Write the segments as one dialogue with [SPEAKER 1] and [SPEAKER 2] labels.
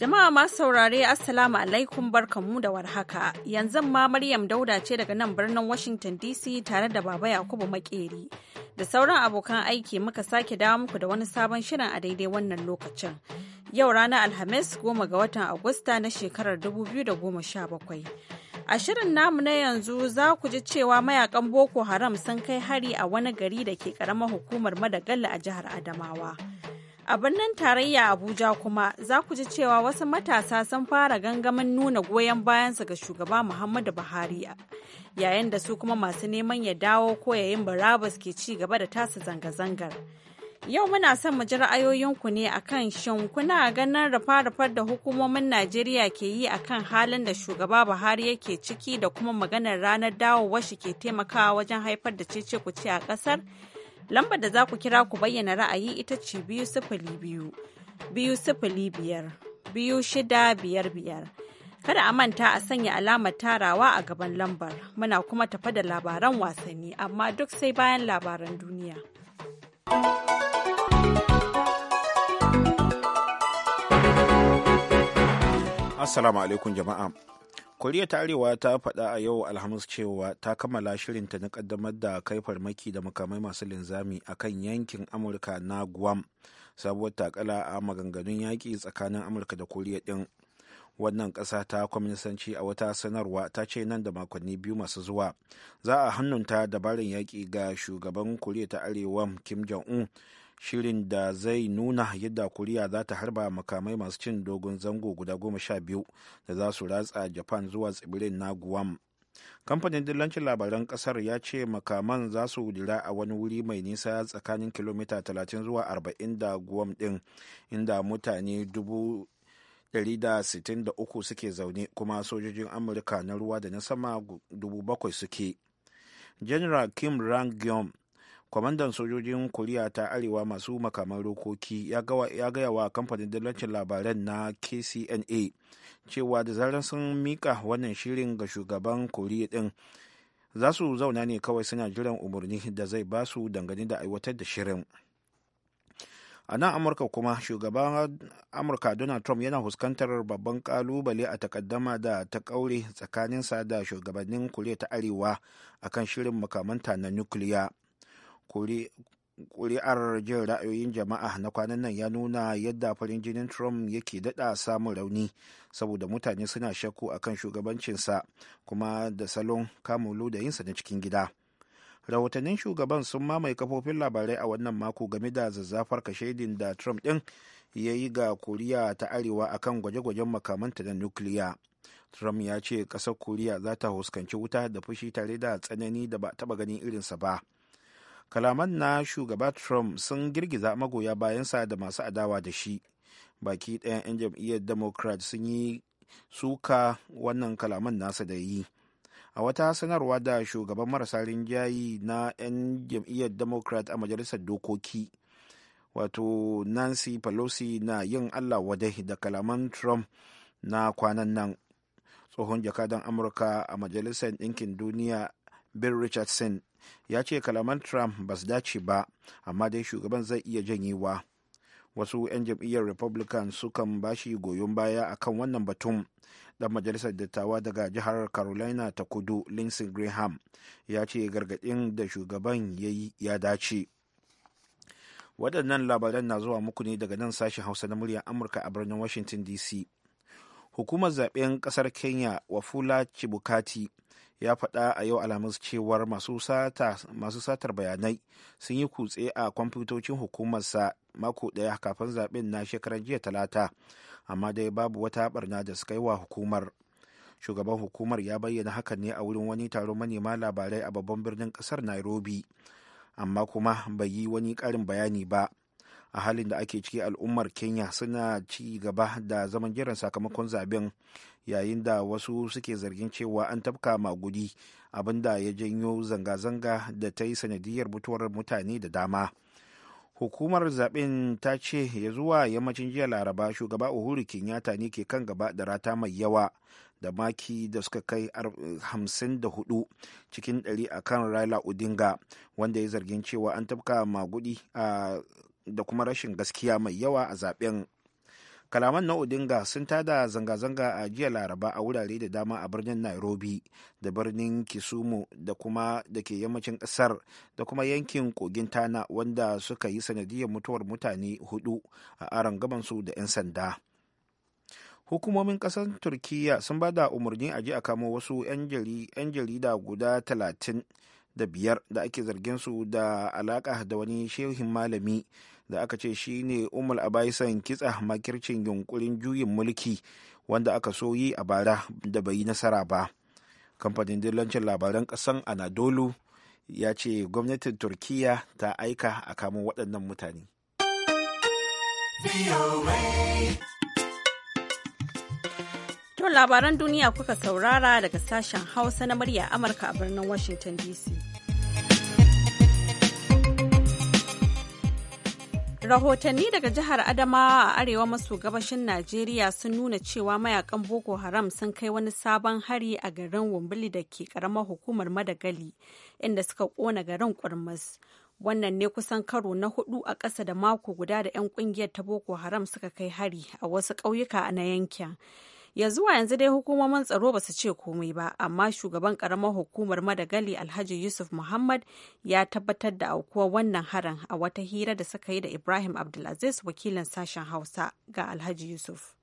[SPEAKER 1] Jama'a ma saurare Assalamu alaikum barkanmu da warhaka. Yanzu ma Maryam Dauda ce daga nan birnin Washington DC tare da Baba Yakubu Makeri. Da sauran abokan aiki muka sake dawo muku da wani sabon shirin a daidai wannan lokacin. Yau ranar Alhamis goma ga watan Agusta na shekarar 2017. A shirin namu na yanzu za ku ji cewa mayakan Boko Haram sun kai hari a wani gari da ke karamar hukumar madagalla a jihar Adamawa. A birnin tarayya Abuja kuma za ku ji cewa wasu matasa sun fara gangamin nuna goyon bayansu ga shugaba Muhammadu Buhari yayin da su kuma masu neman ya dawo ko yayin barabas ke ci gaba da tasa zanga-zangar. Yau muna son mu ji ra'ayoyinku ne akan shin kuna ganin rufa-rufar da hukumomin Najeriya ke yi akan halin da shugaba Buhari yake ciki da kuma maganar ranar dawowar shi ke taimakawa wajen haifar da cece kuce a ƙasar Lambar da za ku kira ku bayyana ra'ayi ita ce biyu sifili biyu, biyu sifili biyar, biyu shida biyar biyar. Kada a manta a sanya alamar tarawa a gaban lambar. Muna kuma tafa da labaran wasanni, amma duk sai bayan labaran duniya.
[SPEAKER 2] Assalamu alaikum jama'a. koriya ta arewa ta faɗa a yau alhamis cewa ta kammala shirinta na kaddamar da kai farmaki da makamai masu linzami a kan yankin amurka na guam sabuwar takala a maganganun yaƙi tsakanin amurka da koriya ɗin wannan ƙasa ta kwaminisanci a wata sanarwa ta ce nan da makonni biyu masu zuwa za a hannunta dabarin yaƙi ga shugaban koriya ta arewa kim jong-un shirin da zai nuna yadda koriya za ta harba makamai masu cin dogon zango guda goma sha biyu da za su ratsa japan zuwa tsibirin na guam kamfanin dillancin labaran kasar ya ce makaman za su dira a wani wuri mai nisa tsakanin kilomita 30 zuwa 40 da guam din inda mutane 163 suke zaune kuma sojojin amurka na ruwa da na sama 7,000 suke general kim rang kwamandan sojojin koriya ta arewa masu makaman rokoki ya gaya wa kamfanin dalancin labaran na kcna cewa da zarar sun mika wannan shirin ga shugaban koriya din za su zauna ne kawai suna jiran umarni da zai ba su dangane da aiwatar da shirin a nan amurka kuma shugaban amurka donald trump yana fuskantar babban kalubale a takaddama da ta kaure tsakaninsa da shugabannin koriya ta arewa akan shirin makamanta na nukiliya kuri'ar jin ra'ayoyin jama'a na kwanan nan ya nuna yadda farin jinin trump yake daɗa samun rauni saboda mutane suna shakku a kan shugabancinsa kuma da salon kamulu da yinsa na cikin gida rahotannin shugaban sun mamaye kafofin labarai a wannan mako game da zazzafar kashedin da trump ɗin ya yi ga koriya ta arewa akan gwaje-gwajen makamanta na nukiliya trump ya ce ƙasar koriya za ta huskanci wuta da fushi tare da tsanani da ba taɓa ganin irinsa ba kalaman na shugaba trump sun girgiza magoya bayansa da masu adawa da shi baki ɗayan 'yan jam'iyyar democrat sun yi suka wannan kalaman nasa da yi a wata sanarwa da shugaban marasa rinjayi na 'yan jam'iyyar democrat a majalisar dokoki wato nancy pelosi na yin allah wadai da kalaman trump na kwanan nan tsohon jakadan amurka a majalisar ɗinkin duniya bill richardson ya ce kalaman trump ba su dace ba amma dai shugaban zai iya janyewa wasu 'yan jam'iyyar republican sukan shi goyon baya a kan wannan batun dan majalisar dattawa daga jihar carolina ta kudu lindsey graham ya ce gargadin da shugaban ya yi ya dace waɗannan labaran na zuwa muku ne daga nan sashen hausa na muryar amurka a birnin washington dc hukumar zaben ƙasar kenya wafula chibukati ya faɗa a yau alhamis cewar masu satar bayanai sun yi kutse a kwamfutocin hukumarsa mako ɗaya kafin zaɓen na shekarar jiya talata amma dai babu wata barna da suka yi wa hukumar shugaban hukumar ya bayyana hakan ne a wurin wani taron manema labarai a babban birnin ƙasar nairobi amma kuma bai yi wani ƙarin bayani ba a halin da ake ciki al'ummar kenya suna ci gaba da zaman jiran sakamakon zaben yayin da wasu suke zargin cewa an tafka magudi abinda ya janyo zanga-zanga da ta yi sanadiyar mutuwar mutane da dama hukumar zaben ta ce ya zuwa yammacin jiya laraba shugaba uhuru kenyatta ne ke kan gaba da rata mai yawa da maki da suka kai 54 cikin 100 a kan raila odinga wanda ya zargin cewa an tabka magudi a da kuma rashin gaskiya mai yawa a zaben kalaman na odinga sun tada zanga-zanga a jiya laraba a wurare da dama a birnin nairobi da birnin kisumu da kuma da ke yammacin kasar da kuma yankin kogin tana wanda suka yi sanadiyar mutuwar mutane hudu a aron gabansu da 'yan sanda hukumomin kasar turkiya sun ba da umarni a ji a kamo wasu 'yan jarida guda talatin da biyar da ake zargin su da alaka da wani shehin malami da aka ce shi ne umar abaisan kitsa makircin yunkurin juyin mulki wanda aka so yi a bara da bai yi nasara ba kamfanin dillancin labaran kasan anadolu ya ce gwamnatin turkiya ta aika a kamun waɗannan mutane
[SPEAKER 1] To labaran duniya kuka saurara daga sashen hausa na murya amurka a birnin washington dc rahotanni daga jihar Adama a arewa maso gabashin najeriya sun nuna cewa mayakan boko haram sun kai wani sabon hari a garin wumbili da ke karamar hukumar madagali inda suka kona garin kurmus wannan ne kusan karo na hudu a ƙasa da mako guda da 'yan kungiyar ta boko haram suka kai hari a wasu ƙauyuka na yankin yanzu wa yanzu dai hukumomin tsaro ba su ce komai ba amma shugaban karamar hukumar madagali alhaji yusuf muhammad ya tabbatar da aukuwa wannan harin a wata hira da suka yi da ibrahim abdulaziz wakilin sashen hausa ga alhaji yusuf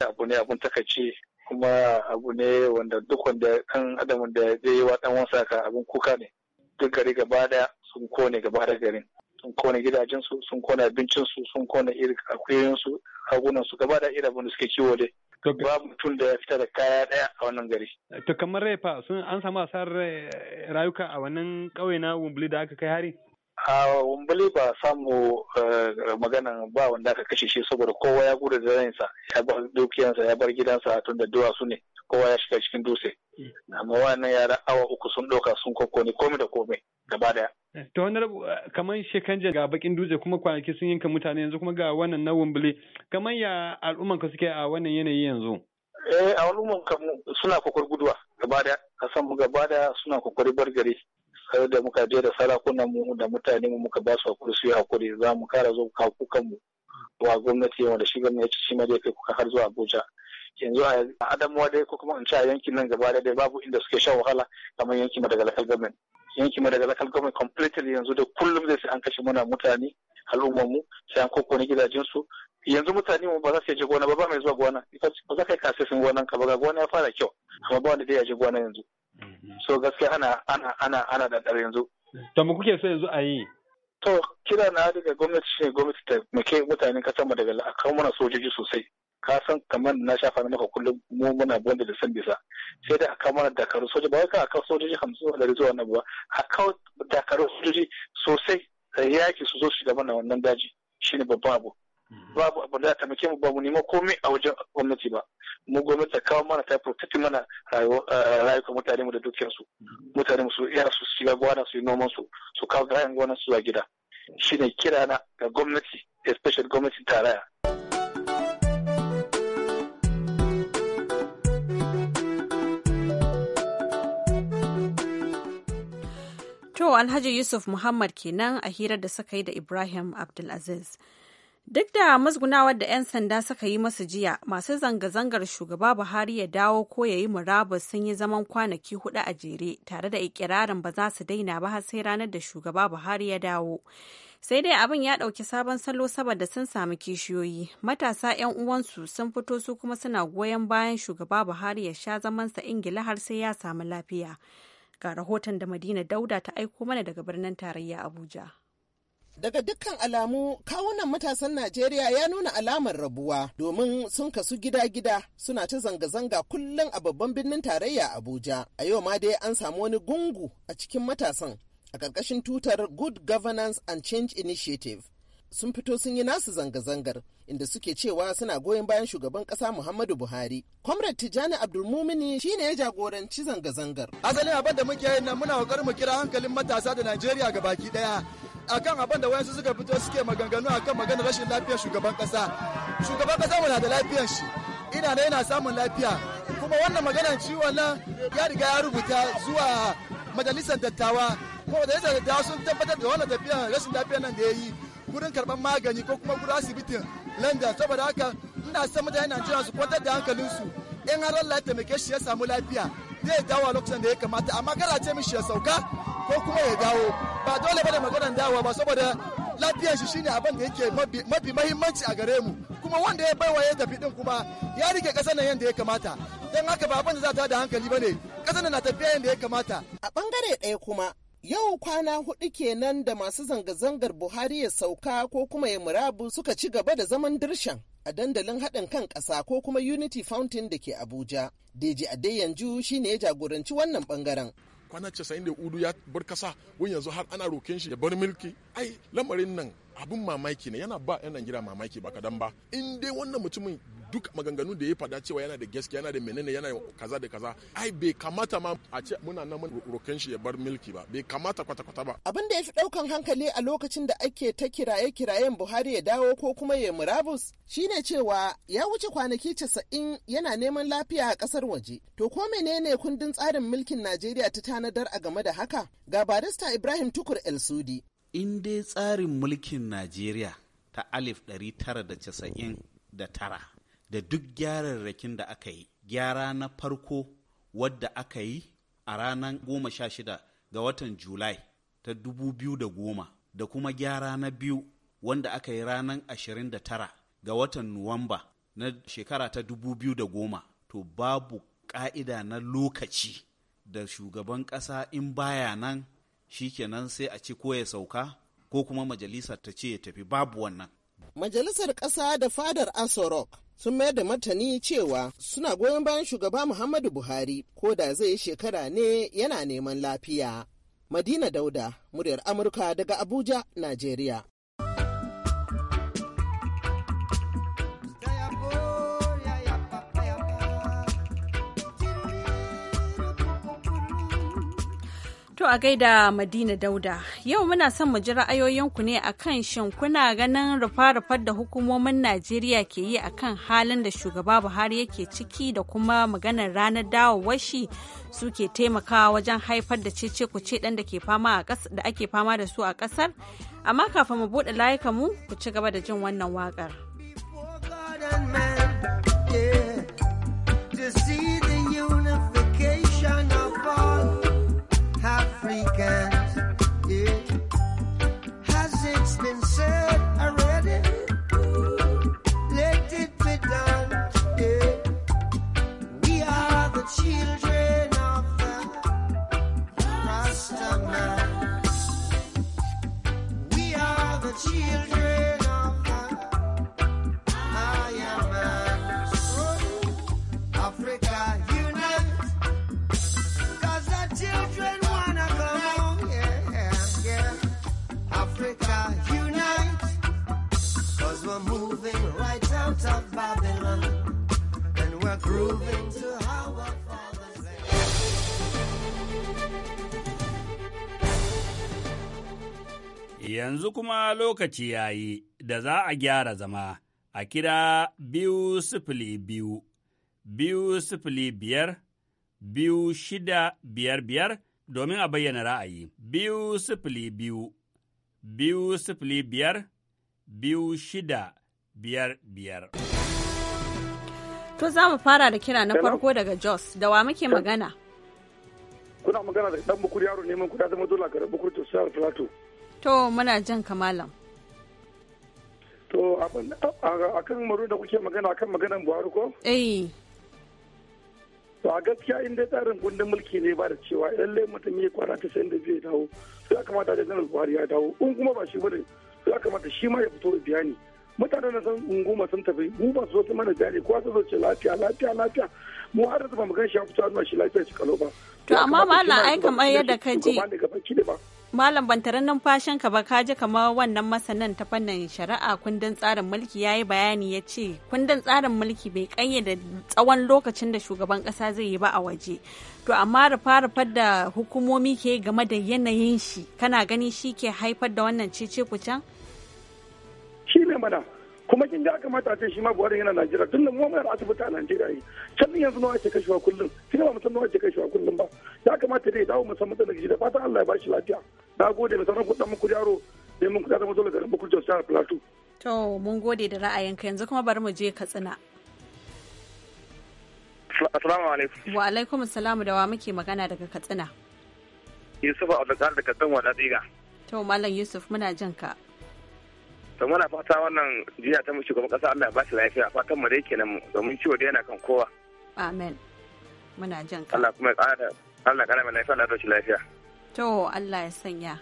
[SPEAKER 3] abu ne abun takaici kuma abu ne wanda duk wanda kan adamin da zai yi wa dan wasa ka abun kuka ne duk gari gaba daya sun kone gaba da garin sun kone gidajensu sun kone abincinsu sun kone irin akuyoyinsu agunan su gaba da irin abin da suke kiwo dai Ba mutum da ya fita da kaya daya a wannan gari.
[SPEAKER 4] To kamar rai fa sun an samu asar eh, rayuka a wannan ƙauye na Wumbuli da aka kai hari?
[SPEAKER 3] A Wumbuli ba samu eh, magana ba wanda aka kashe shi saboda kowa ya gudu da ransa ya bar dukiyansa ya bar gidansa tun da duwatsu ne. kowa ya shiga cikin dutse amma wannan yara awa uku sun ɗauka sun kokkone komai da komai gaba daya to wani rabu eh,
[SPEAKER 4] kamar shekanja ga bakin dutse kuma kwanaki sun yanka mutane yanzu kuma ga wannan na wumbule kamar ya al'umman ka suke a wannan yanayi yanzu
[SPEAKER 3] eh a al'umman ka suna kokar guduwa gaba daya kasan mu gaba daya suna kokari bar gari sai da muka je da sarakunan mu da mutane mu muka ba su hakuri su yi hakuri za mu kara zo kukan mu wa gwamnati yawa da shi gwamnati shi ma zai kai kuka har zuwa Abuja yanzu a adamuwa dai ko kuma in ce a yankin nan gaba da dai babu inda suke shan wahala kamar yankin Madagalakal government yankin Madagalakal government completely yanzu da kullum zai sai an kashe mana mutane al'ummarmu sai an kokone gidajensu yanzu mutane mu ba za su je gona ba ba mai zuwa gona ba za ka yi sun gonan ka ba ga gona ya fara kyau amma ba wanda zai je gona yanzu mm-hmm. so gaskiya ana ana ana ana da dare yanzu
[SPEAKER 4] to mu kuke so yanzu a yi
[SPEAKER 3] to kira na daga gwamnati shine gwamnati ta muke mutanen kasar mu daga akan mana sojoji sosai ka san kamar na shafa na maka kullum mu muna bonda da san bisa sai da aka mana dakaru soja ba wai ka aka sojoji hamsin da zuwa nan ba kawo dakaru sojoji sosai da yaki su zo su shiga mana wannan daji shine babban abu mm-hmm. babu abu da taimake mu ba mu nema komai a wajen gwamnati ba mu gwamnati ta kawo mana ta protect mana rayuwar eh, mutane mu da dukiyar su mm-hmm. mutane mu su iya su shiga gwana su yi noman su su kawo kayan gwana su zuwa gida shine kira na ga gwamnati especially gwamnatin tarayya
[SPEAKER 1] To Alhaji Yusuf Muhammad kenan a hirar da suka yi da Ibrahim Abdulaziz. Duk da musgunawar da 'yan sanda suka yi masu jiya, masu zanga-zangar shugaba Buhari ya dawo ko ya yi murabus sun yi zaman kwanaki hudu a jere tare da ikirarin ba za su daina ba har sai ranar da shugaba Buhari ya dawo. Sai dai abin ya ɗauki sabon salo saboda sun sami kishiyoyi. Matasa 'yan uwansu sun fito su kuma suna goyon bayan shugaba Buhari ya sha zamansa Ingila har sai ya samu lafiya. Ga rahoton da Madina Dauda ta aiko mana daga birnin tarayya Abuja.
[SPEAKER 5] Daga dukkan alamu kawunan matasan Najeriya ya nuna alamar rabuwa domin sun kasu gida-gida suna ta zanga-zanga kullum a babban birnin tarayya Abuja. A yau ma dai an samu wani gungu a cikin matasan a ƙarƙashin tutar Good Governance and Change Initiative sun fito sun yi nasu zanga-zangar inda suke cewa suna goyon bayan shugaban kasa Muhammadu Buhari. Comrade Tijjani Abdulmumini ne ya jagoranci zanga-zangar. Asalin abin da muke yin nan muna kokarin mu kira hankalin matasa da Najeriya ga baki daya. akan abin da wayansu suka fito suke maganganu akan maganar rashin lafiyar shugaban kasa. Shugaban kasa mu na da lafiyar shi. Ina da yana samun lafiya. Kuma wannan maganar ciwon nan ya riga ya rubuta zuwa majalisar dattawa. Kuma majalisar dattawa sun tabbatar da wannan tafiyar rashin lafiyar nan da ya yi. gurin karɓar magani ko kuma gurin asibitin london saboda haka ina son mutane najeriya su kwantar da hankalinsu in har allah ya taimake shi ya samu lafiya zai dawo a lokacin da ya kamata amma kada ce mishi ya sauka ko kuma ya dawo ba dole ba da maganar dawo ba saboda lafiyar shi shine abin da yake mafi mahimmanci a gare mu kuma wanda ya baiwa ya tafi din kuma ya rike kasar nan yadda ya kamata don haka ba abin da za ta da hankali bane kasar nan na tafiya yadda ya kamata a bangare ɗaya kuma Yau kwana hudu kenan da masu zanga-zangar Buhari ya sauka ko kuma ya murabu suka ci gaba da zaman dirshan a dandalin haɗin kan ƙasa ko kuma Unity Fountain da ke Abuja. Deji yanzu shi ne ya jagoranci wannan bangaren Kwana casa'in da udu ya bar kasa wani yanzu har ana roken shi ya bar milki. Ai lamarin nan abin mamaki ne yana ba 'yan Najeriya mamaki ba kadan ba. In dai wannan mutumin duk maganganu da ya fada cewa yana da gaskiya yana da menene yana kaza da kaza ai bai kamata ma a ce muna nan mun roken shi ya bar milki ba bai
[SPEAKER 3] kamata kwata kwata ba
[SPEAKER 5] abin da ya fi daukan hankali a lokacin da ake ta kiraye kirayen Buhari ya dawo ko kuma ya murabus shine cewa ya wuce kwanaki 90 yana neman lafiya a kasar waje to ko menene kundin tsarin mulkin Najeriya ta tanadar a game da haka ga barista Ibrahim Tukur El Sudi in dai tsarin mulkin Najeriya ta alif
[SPEAKER 2] 999 da duk gyararrakin da aka yi gyara na farko wadda aka yi a ranar goma sha shida ga watan julai ta dubu biyu da goma da kuma gyara na biyu wanda aka yi ranar ashirin da tara ga watan nuwamba na shekara ta dubu biyu da goma to babu ka'ida na lokaci da shugaban ƙasa in baya nan shikenan sai a ce ko ya sauka ko kuma majalisar ta ce ya tafi babu wannan
[SPEAKER 5] majalisar ƙasa da fadar asorok sun mayar da martani cewa suna goyon bayan shugaba Muhammadu Buhari ko da zai shekara ne yana neman lafiya. Madina Dauda, muryar Amurka daga Abuja, Najeriya.
[SPEAKER 1] To a gaida Madina Dauda, yau muna son mu ji ra'ayoyinku ne akan shin kuna ganin rufa-rufar da hukumomin Najeriya ke yi a kan halin da shugaba Buhari yake ciki da kuma maganar ranar dawowar shi suke taimakawa wajen haifar da cece ce ɗan da ke da ake fama da su a ƙasar. Amma kafin mu buɗe layukan mu ku ci gaba da jin wannan waƙar.
[SPEAKER 4] Yanzu kuma lokaci ya yi da za a gyara zama a kira biyu sifili biyu, biyu sifili biyar, biyu shida biyar biyar domin a bayyana ra'ayi. Biyu sifili biyu, biyu sifili biyar, biyu shida biyar biyar.
[SPEAKER 1] To za mu fara da kira na farko daga Jos, da wa muke magana?
[SPEAKER 4] Kuna magana da ɗan bukuri yaro neman kuɗa zama dole a garin bukur to Plateau.
[SPEAKER 1] To muna jan kamalan.
[SPEAKER 4] To a kan maru da kuke magana kan maganan Buhari ko? Eh. To a gaskiya inda tsarin gundun mulki ne ba da cewa lallai mutum ya kwana ta sayan da zai dawo su ya kamata da zanar Buhari ya dawo in kuma ba shi bane su ya kamata shi ma ya fito da bayani. Mutanen na san unguma sun tafi mu ba su zo mana jari kowa su zo ce lafiya lafiya lafiya mu har da ba mu gan shi ya fito shi lafiya shi kalo ba.
[SPEAKER 1] To amma malam aika mai yadda ka ji. Malam bantaran numfashin ka ba kaji kamar wannan masanan ta fannin shari'a kundin tsarin mulki yayi bayani ya ce kundin tsarin mulki bai kayyade tsawon lokacin da shugaban kasa zai yi ba a waje. To amma rufa-rufar da hukumomi ke game da yanayin shi kana gani shi ke haifar da wannan cece kucan? Shi ne madam.
[SPEAKER 4] kuma kin ga kamata ce shi ma buhari yana najeriya tun da mu muna da asibiti a najeriya yi can yanzu nawa ake kashewa kullum kina ba musamman ake kashewa kullum ba ya kamata dai dawo musamman da shi da fatan allah ya ba shi lafiya na gode musamman kuɗin muku yaro ne mun kuɗa da zo garin muku jos jihar plateau.
[SPEAKER 1] to mun gode da ra'ayinka yanzu kuma bari mu je katsina.
[SPEAKER 4] assalamu alaikum.
[SPEAKER 1] wa alaikum assalamu da wa muke magana daga katsina.
[SPEAKER 4] yusuf abdulkadir wa kan wadatsiga.
[SPEAKER 1] to malam yusuf muna jin ka.
[SPEAKER 4] to muna fata wannan jiya ta mu kuma kasa Allah ya ba shi lafiya fatan mu dai kenan domin ciwo da yana kan kowa
[SPEAKER 1] amen muna jin ka
[SPEAKER 4] Allah kuma ƙara Allah kana mai lafiya Allah ya lafiya
[SPEAKER 1] to Allah ya sanya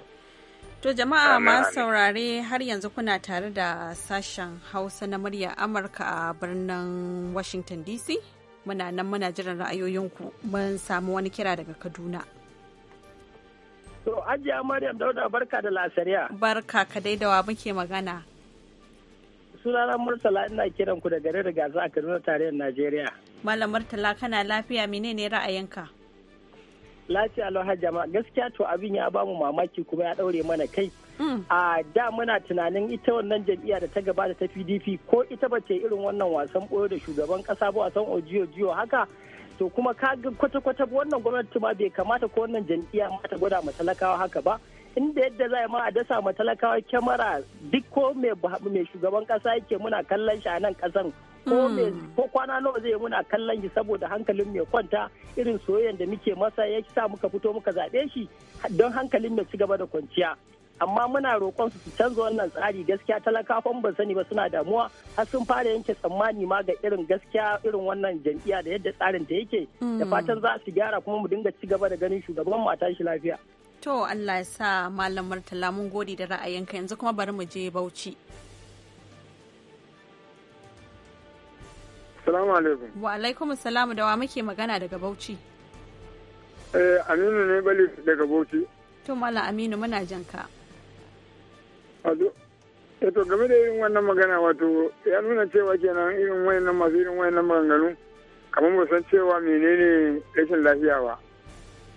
[SPEAKER 1] To jama'a masu saurare har yanzu kuna tare da sashen Hausa na murya Amurka a birnin Washington DC. Muna nan muna jiran ra'ayoyinku mun samu wani kira daga Kaduna. To, Ajiya Maryam Dauda barka da lasariya. Barka ka daidawa muke magana.
[SPEAKER 6] Sunana Murtala ina kiran ku da gare da gasa a Kaduna tarihin Najeriya.
[SPEAKER 1] Malam Murtala kana lafiya menene ra'ayinka?
[SPEAKER 6] Lafiya Allah jama'a gaskiya to abin ya bamu mamaki kuma ya daure mana kai. Mm. A da muna tunanin ita wannan jam'iyya da ta gabata ta PDP ko ita bace irin wannan wasan boyo da shugaban ƙasa ba wasan ojiyo jiyo haka to kuma ka kwata-kwata wannan gwamnati ma bai kamata ko wannan jam'iyya ma ta gwada ma talakawa haka ba inda yadda za ma a dasa talakawa kyamara duk ko mai shugaban kasa yake muna kallon shi a nan kasan hmm. ko kwana nawa zai muna kallon shi saboda hankalin mai kwanta irin soyayyen da muke masa ya sa muka fito muka zaɓe shi don hankalin mai ci gaba da kwanciya amma muna roƙon su canza wannan tsari gaskiya talakafan ban sani ba suna damuwa har sun fara yanke tsammani ma ga irin gaskiya irin wannan jam'iyya da yadda tsarin ta yake da mm. fatan za su gyara kuma mu dinga ci gaba da ganin shugaban mu a tashi lafiya
[SPEAKER 1] to Allah ya sa malam Murtala mun gode da ra'ayinka yanzu kuma bari mu je Bauchi
[SPEAKER 6] Assalamu alaikum.
[SPEAKER 1] Wa alaikum assalamu da wa muke magana daga Bauchi.
[SPEAKER 4] Eh Aminu ne bali daga Bauchi.
[SPEAKER 1] To Mala Aminu muna jinka ka.
[SPEAKER 4] Eto game da irin wannan magana wato ya nuna cewa kenan irin wayannan masu irin wayannan maganganu kamar ba san cewa menene rashin lafiya ba.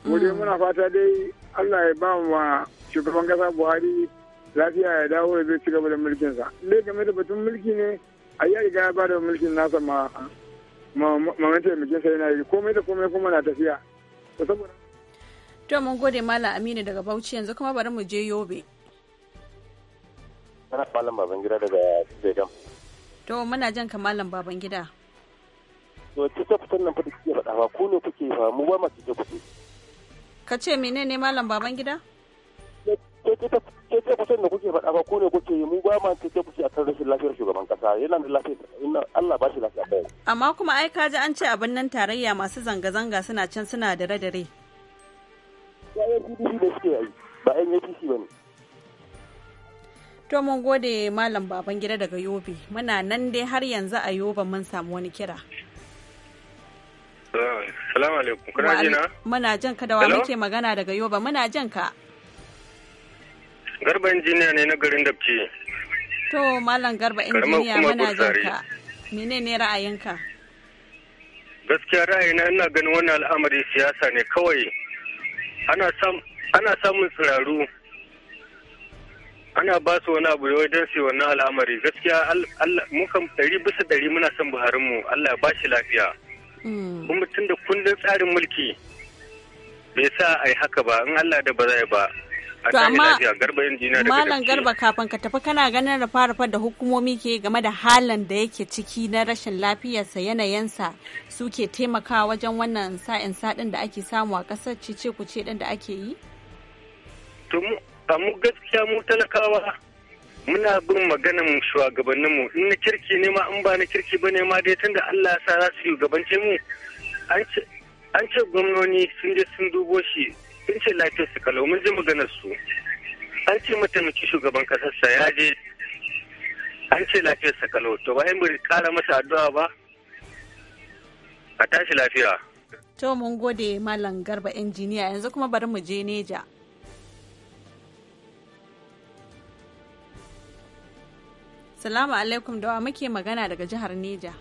[SPEAKER 4] Mu dai hmm. muna fata dai Allah ya ba wa shugaban kasa Buhari lafiya ya dawo ya zai ci gaba da sa Dai game da batun mulki ne a ya riga ya ba da mulkin nasa ma sa yana yi komai da komai kuma na tafiya. To
[SPEAKER 1] mun gode Malam Aminu daga Bauchi yanzu kuma bari mu je Yobe.
[SPEAKER 4] Kana malam Babangida daga Jam.
[SPEAKER 1] To muna jan ka malam Babangida.
[SPEAKER 4] To ce fitar nan fadi da kike faɗa ba ku ne kuke ba mu ba ma ce kuke.
[SPEAKER 1] Ka ce ne malam Babangida?
[SPEAKER 4] Ke ce kusan da kuke faɗa ba ku ne kuke yi mu ba ma ce a kan rashin lafiyar shugaban kasa yana da lafiya Allah ba shi lafiya kai.
[SPEAKER 1] Amma kuma ai ka ji an ce abin nan tarayya masu zanga-zanga suna can suna da dare-dare.
[SPEAKER 4] Ya yi da suke yi ba 'yan APC ba ne.
[SPEAKER 1] To mun gode Malam Baban gida daga Yobe. Muna nan dai har yanzu a Yobe mun samu wani kira.
[SPEAKER 4] Ah, salamu alaikum. Kuna jina?
[SPEAKER 1] Muna jan ka da wa muke magana daga Yobe. Muna jan ka.
[SPEAKER 4] Garba injiniya ne na garin Dabci.
[SPEAKER 1] To Malam Garba injiniya muna jan ka. Mene ne ra'ayinka?
[SPEAKER 4] Gaskiya ra'ayina ina ganin wannan al'amari siyasa ne kawai. Ana samun tsiraru ana ba su wani abu yau don su wannan al'amari gaskiya mun kan dari bisa dari muna son buharin mu allah ba shi lafiya
[SPEAKER 1] hmm. kuma
[SPEAKER 4] tun da kundin tsarin mulki bai sa a yi haka ba in allah da ba zai ba a to amma malam garba
[SPEAKER 1] kafin ka tafi kana ganin da fara da hukumomi ke game da halin da yake ciki na rashin lafiyarsa yanayinsa suke taimakawa wajen wannan sa'in sadin da ake samu a kasar ce ku ce da ake yi
[SPEAKER 4] mu gaskiya mu talakawa muna bin maganan shugabannin mu in na kirki ne ma in ba na kirki ba ne ma dai tunda Allah ya sa za su shugabance mu an ce gwamnoni sun je sun dubo shi sun ce lafiyar su kalau mun ji maganar su an ce mataimaki shugaban kasar sa ya je an ce lafiyar sa kalau to bayan bai kara masa addu'a ba a tashi lafiya
[SPEAKER 1] to mun gode malam garba injiniya yanzu kuma bari mu je neja Salamu alaikum da wa muke magana daga jihar Neja.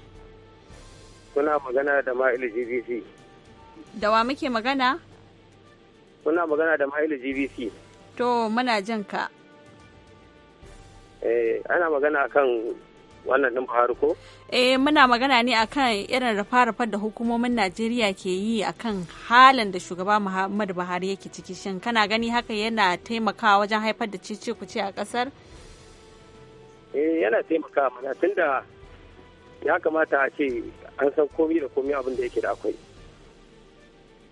[SPEAKER 4] Kuna magana da mail GBC.
[SPEAKER 1] Da wa muke magana?
[SPEAKER 4] Kuna magana da mail GBC.
[SPEAKER 1] To muna jin ka.
[SPEAKER 4] Eh, ana magana akan wannan ɗin Buhari ko?
[SPEAKER 1] Eh, muna magana ne akan irin rafa-rafar da hukumomin Najeriya ke yi akan halin da shugaba Muhammadu Buhari yake ciki shin kana gani haka yana taimakawa wajen haifar da cece kuce a ƙasar?
[SPEAKER 4] eh yana taimaka mana tunda ya kamata a ce an san komi da komi abin da yake da akwai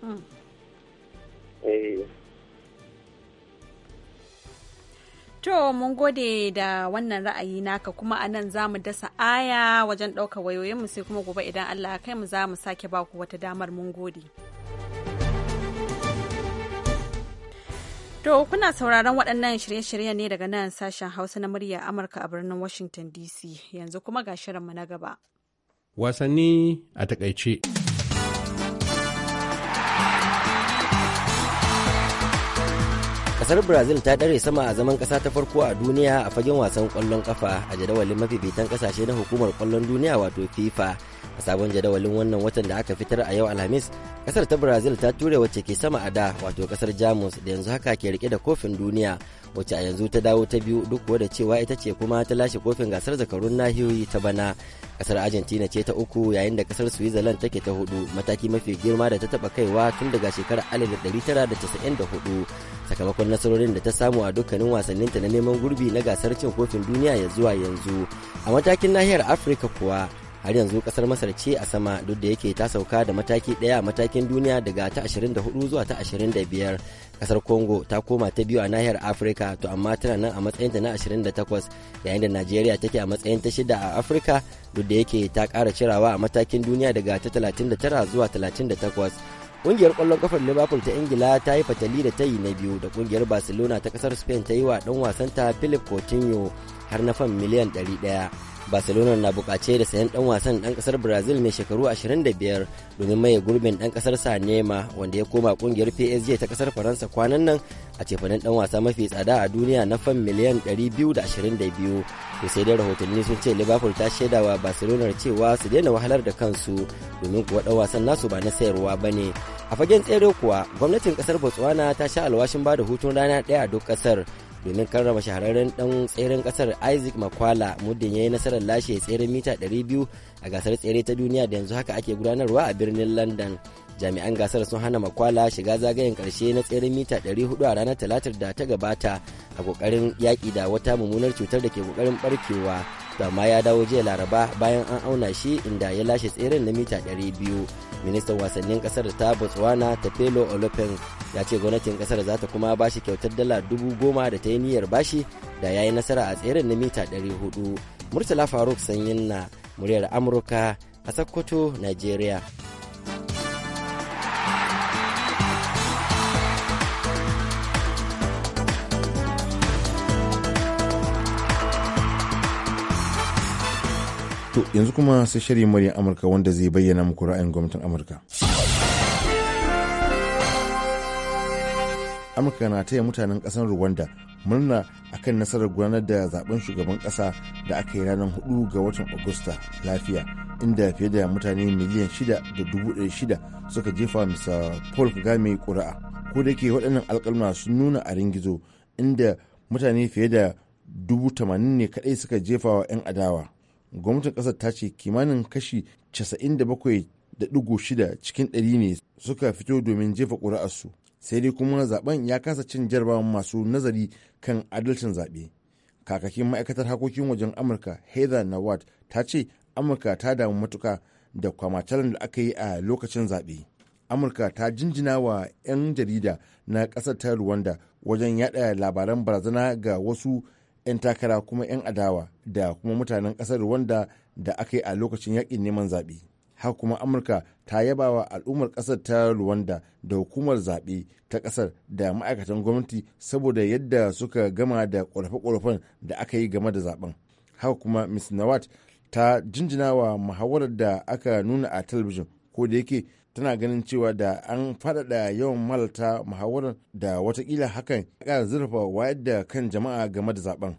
[SPEAKER 1] hmm. eh. To mun gode da wannan ra'ayi naka kuma a nan za mu dasa aya wajen ɗauka wayoyinmu sai kuma gobe idan Allah kai mu za mu sake baku wata damar mun gode. To kuna sauraron waɗannan shirye-shiryen ne daga nan sashen Hausa na murya Amurka a birnin Washington DC yanzu kuma ga shirinmu na gaba.
[SPEAKER 7] Wasanni a takaice.
[SPEAKER 8] kasar brazil ta dare sama a zaman kasa ta farko a duniya a fagen wasan kwallon kafa a jadawalin mafifitan kasashe na hukumar kwallon duniya wato fifa a sabon jadawalin wannan watan da aka fitar a yau alhamis kasar ta brazil ta ture wacce ke sama a da wato kasar jamus da yanzu haka ke rike da kofin duniya wacce a yanzu ta dawo ta biyu duk kuwa da cewa ita ce kuma ta lashe kofin gasar zakarun nahiyoyi ta bana kasar argentina ce ta uku yayin da kasar switzerland take ta hudu mataki mafi girma da ta taba kaiwa tun daga shekarar 1994 sakamakon nasarorin da ta samu a dukkanin wasanninta na neman gurbi na gasar cin kofin duniya ya zuwa yanzu a matakin nahiyar afirka kuwa har yanzu kasar masar ce a sama duk da yake ta sauka da mataki daya a matakin duniya daga ta 24 zuwa ta 25 kasar congo ta koma ta biyu a nahiyar afirka to amma tana nan a matsayin ta na 28 yayin da najeriya take a matsayin ta shida a afirka duk da yake ta kara cirawa a matakin duniya daga ta 39 zuwa 38 Ƙungiyar kwallon kafar Liverpool ta Ingila ta yi fatali da ta yi na biyu da ƙungiyar Barcelona ta kasar Spain ta yi wa ɗan ta Philip Coutinho har na fan miliyan 100. barcelona na bukace da sayan dan wasan dan kasar brazil mai shekaru 25 domin maye gurbin dan kasar sa nema wanda ya koma kungiyar psg ta kasar faransa kwanan nan a cefanen dan wasa mafi tsada a duniya na fan miliyan 222 to sai dai rahotanni sun ce liverpool ta shaidawa barcelona cewa su daina wahalar da kansu domin kuwa dan wasan nasu ba na sayarwa ba ne a fagen tsere kuwa gwamnatin kasar botswana ta sha alwashin ba da hutun rana daya a duk kasar domin karrama shahararren dan tseren kasar isaac makwala muddin ya yi nasarar lashe tseren mita 200 a gasar tsere ta duniya da yanzu haka ake gudanarwa a birnin london jami'an gasar sun hana makwala shiga zagayen karshe na tseren mita 400 a ranar talatar da ta gabata a kokarin yaƙi da wata mummunar cutar da ke kokarin barkewa amma ya dawo jiya laraba bayan an auna shi inda ya lashe tseren na mita 200 ministan wasannin kasar ta botswana tafelo olopen ya ce gwamnatin kasar za ta kuma bashi kyautar dala dubu goma da ta yi niyyar bashi da ya yi nasara a tseren na mita 400 murtala faruk sanyin na muryar amurka a sokoto nigeria
[SPEAKER 7] To yanzu kuma sai shari muryar Amurka wanda zai bayyana muku ra'ayin gwamnatin Amurka. Amurka na taya mutanen ƙasar Rwanda murna akan nasarar gudanar da zaben shugaban ƙasa da aka yi ranar 4 ga watan Agusta lafiya inda fiye da mutane miliyan 6.6 suka jefa misa Paul Kagame ƙuri'a. Ko da ke waɗannan alƙalma sun nuna a ringizo inda mutane fiye da 80,000 ne kaɗai suka jefa wa 'yan adawa. gwamnatin ƙasar ta ce kimanin kashi 97.6 cikin 100 ne suka fito domin jefa ƙuri'arsu sai dai kuma zaben ya kasa cin jarabawan masu nazari kan adalcin zaɓe kakakin ma'aikatar hakokin wajen amurka heather nawad ta ce amurka ta damu matuka da kwamatalan da aka yi a lokacin zaɓe amurka ta jinjina wa 'yan jarida na ƙasar ta rwanda wajen yaɗa labaran barazana ga wasu 'yan takara kuma 'yan adawa da kuma mutanen ƙasar wanda da aka yi a lokacin yakin neman zaɓe. Haka kuma Amurka ta yaba wa al'ummar ƙasar ta Rwanda da hukumar zaɓe ta ƙasar da ma'aikatan gwamnati saboda yadda suka gama da ƙorafe-ƙorafen da aka yi game da zaɓen. Haka kuma Ms. Nawat ta jinjina wa muhawarar da aka nuna a talabijin ko da yake tana ganin cewa da an faɗaɗa yawan malta muhawarar da watakila hakan ƙara zurfa wayar da kan jama'a game da zaben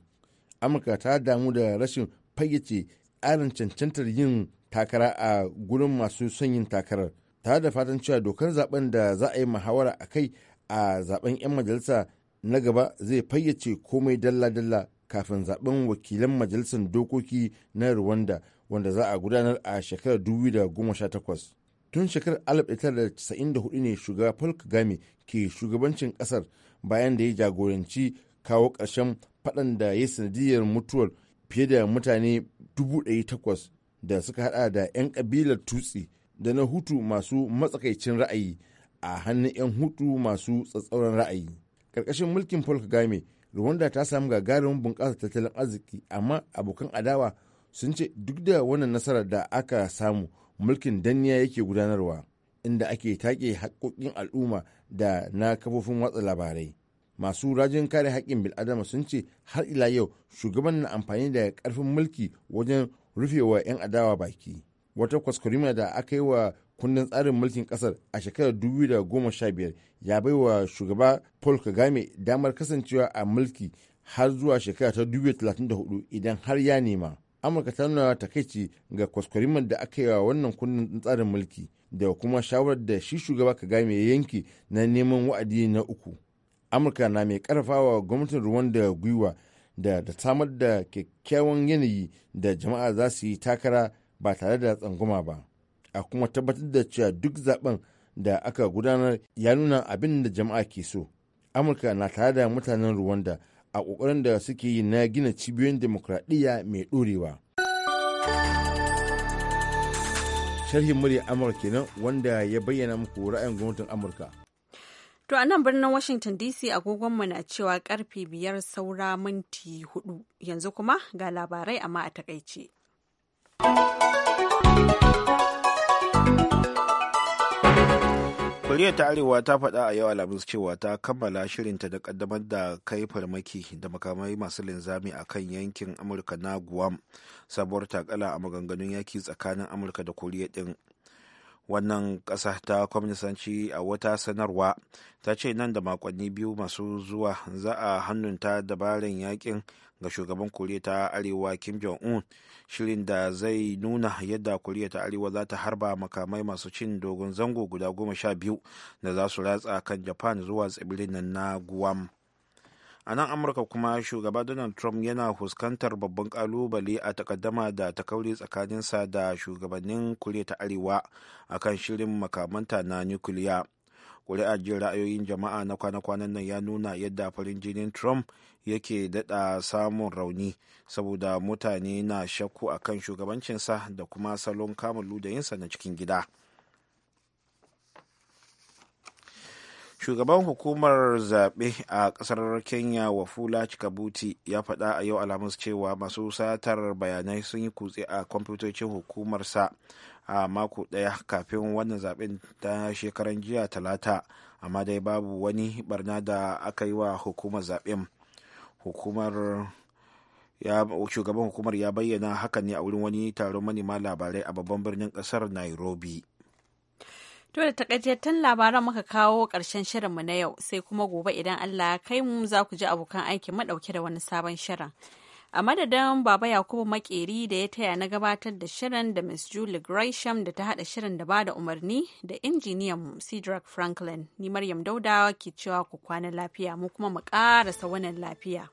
[SPEAKER 7] amurka ta damu da rashin fayyace tsarin cancantar yin takara a gurin masu son yin takarar tare da fatan cewa dokar zaben da za a yi muhawara a kai a zaben 'yan majalisa na gaba zai fayyace komai dalla-dalla kafin zaben wakilan majalisar dokoki na rwanda wanda za a gudanar a shekarar 2018 tun shekarar 1994 ne shugaba paul kagame ke shugabancin kasar bayan da ya jagoranci kawo ƙarshen faɗan da ya sanadiyar mutuwar fiye da mutane 800 da suka hada da 'yan kabilar tutsi da na hutu masu matsakaicin ra'ayi a hannun 'yan hutu masu tsatsauran ra'ayi ƙarƙashin mulkin paul kagame rwanda ta samu gagarumin bunƙasa tattalin arziki amma abokan adawa sun ce duk da wannan nasarar da aka samu mulkin danniya yake gudanarwa inda ake take haƙƙoƙin al'umma da na kafofin watsa labarai masu rajin kare haƙƙin bil'adama sun ce har ila yau shugaban na amfani da ƙarfin mulki wajen rufewa 'yan adawa baki wata kwaskwarima da aka yi wa kundin tsarin mulkin ƙasar a shekarar 2015 ya bai wa shugaba paul kagame damar kasancewa a mulki har zuwa shekara ta 2034 idan har ya nema amurka ta nuna takaici ga kwaskwarimar da aka yi wa wannan kundin tsarin mulki da kuma shawarar da shi shugaba ka game ya yanki na neman wa'adi na uku amurka na mai karfawa gwamnatin ruwan da gwiwa da da samar da kyakkyawan yanayi da jama'a za su yi takara ba tare da tsangwama ba a kuma tabbatar da cewa duk zaben da aka gudanar ya nuna abin da jama'a ke so amurka na tare da mutanen rwanda a ƙoƙarin da suke yi na gina cibiyoyin demokradiyya mai ɗorewa. Sharhin murya Amurka kenan wanda ya bayyana muku ra'ayin gwamnatin Amurka.
[SPEAKER 1] To a nan birnin Washington DC agogonmu na cewa karfe biyar saura minti hudu yanzu kuma ga labarai amma a takaice.
[SPEAKER 2] koriya ta arewa ta faɗa a yau alhamis cewa ta kammala shirinta da kaddamar da kai farmaki da makamai masu linzami a kan yankin amurka na guam sabuwar takala a maganganun yaki tsakanin amurka da koriya ɗin wannan ƙasa ta kwamnisanci a wata sanarwa ta ce nan da makonni biyu masu zuwa za a hannunta dabarin yakin ga shugaban koriya ta arewa kim jong-un shirin da zai nuna yadda koriya ta arewa za ta harba makamai masu cin dogon zango guda goma sha biyu da za su ratsa kan japan zuwa tsibirin nan na guam a nan amurka kuma shugaba donald trump yana fuskantar babban kalubale a takaddama da ta kauri tsakaninsa da shugabannin koriya ta arewa akan shirin makamanta na nukiliya kuri'ar jin ra'ayoyin jama'a na kwana-kwanan nan ya nuna yadda farin jinin trump yake daɗa samun rauni saboda mutane na shakku akan shugabancinsa da kuma salon kamun ludayinsa na cikin gida. shugaban hukumar zaɓe a ƙasar kenya wa wafula chikabuti ya faɗa a yau alhamis cewa masu satar bayanai sun yi kutse a kwamfutocin hukumarsa a mako ɗaya kafin wannan zaɓen ta shekaran jiya talata amma dai babu wani barna da aka yi wa hukumar zaɓen hukumar shugaban hukumar ya bayyana hakan ne a wurin wani taron manema labarai a babban birnin ƙasar nairobi
[SPEAKER 1] To da takaitattun labaran muka kawo ƙarshen mu na yau sai kuma gobe idan Allah ya kai mu za ku ji abokan aiki madauke da wani sabon shirin. A madadin Baba Yakubu Makeri da ya taya na gabatar da shirin da Miss Julie Gresham da ta haɗa shirin da bada umarni da injiniyan Cedric Franklin. Ni Maryam dauda ke cewa ku kwana lafiya mu kuma mu ƙarasa wannan lafiya.